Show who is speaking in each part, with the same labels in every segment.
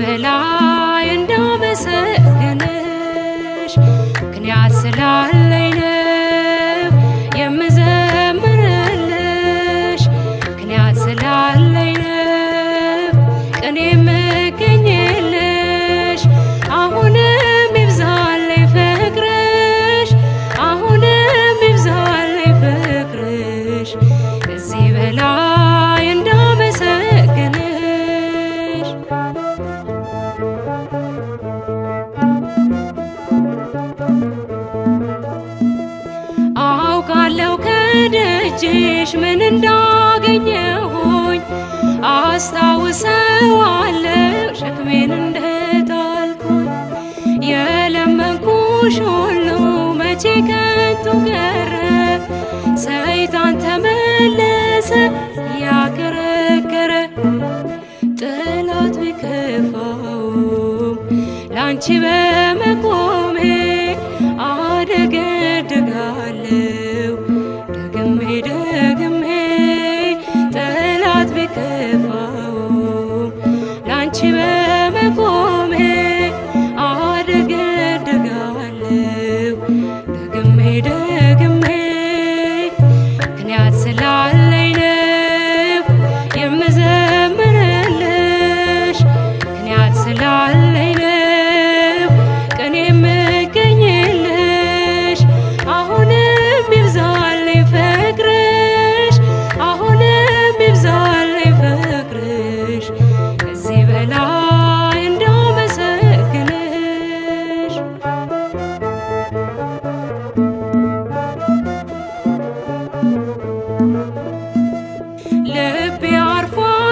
Speaker 1: በላይ እንዳመሰግንሽ ምክንያት ስላ በደጅሽ ምን እንዳገኘሁኝ አስታውሰዋለሁ ሸክሜን እንደጣልኩኝ የለመንኩሽ ሁሉ መቼ ከንቱ ቀረ ሰይጣን ተመለሰ ያከረከረ ጠላት ቢከፋውም ላንቺ በመቆ ቢከፋው ላንቺ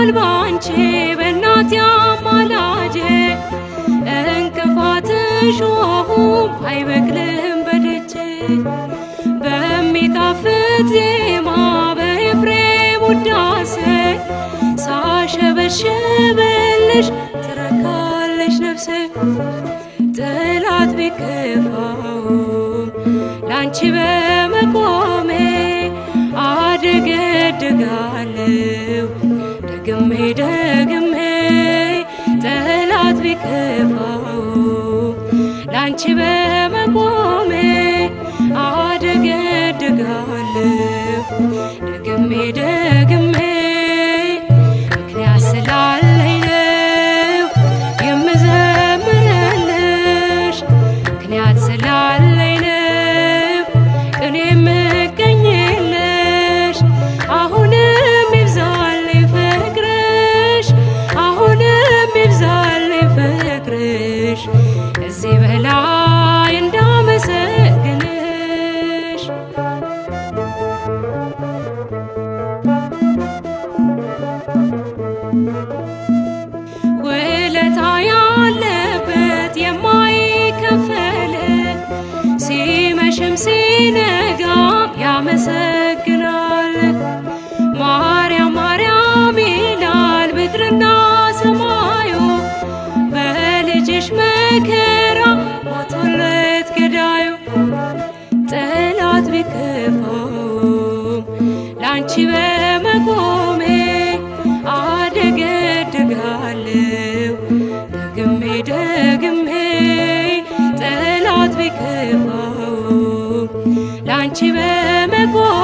Speaker 1: ይሆናል ባንቺ በእናት አማላጄ እንቅፋትሽ ወሁም አይበቅልም በደጅ በሚጣፍት ዜማ በኤፍሬም ውዳሴ ሳሸበሸበልሽ ትረካለሽ ነፍሴ ጥላት ቢከፋውም ላንቺ በመቆሜ አደገድጋለው ደግሜ ደግሜ ጠላት ቢከፋው ላንቺ በ መሸም ሲነጋ ያመሰግናል። 집에 메고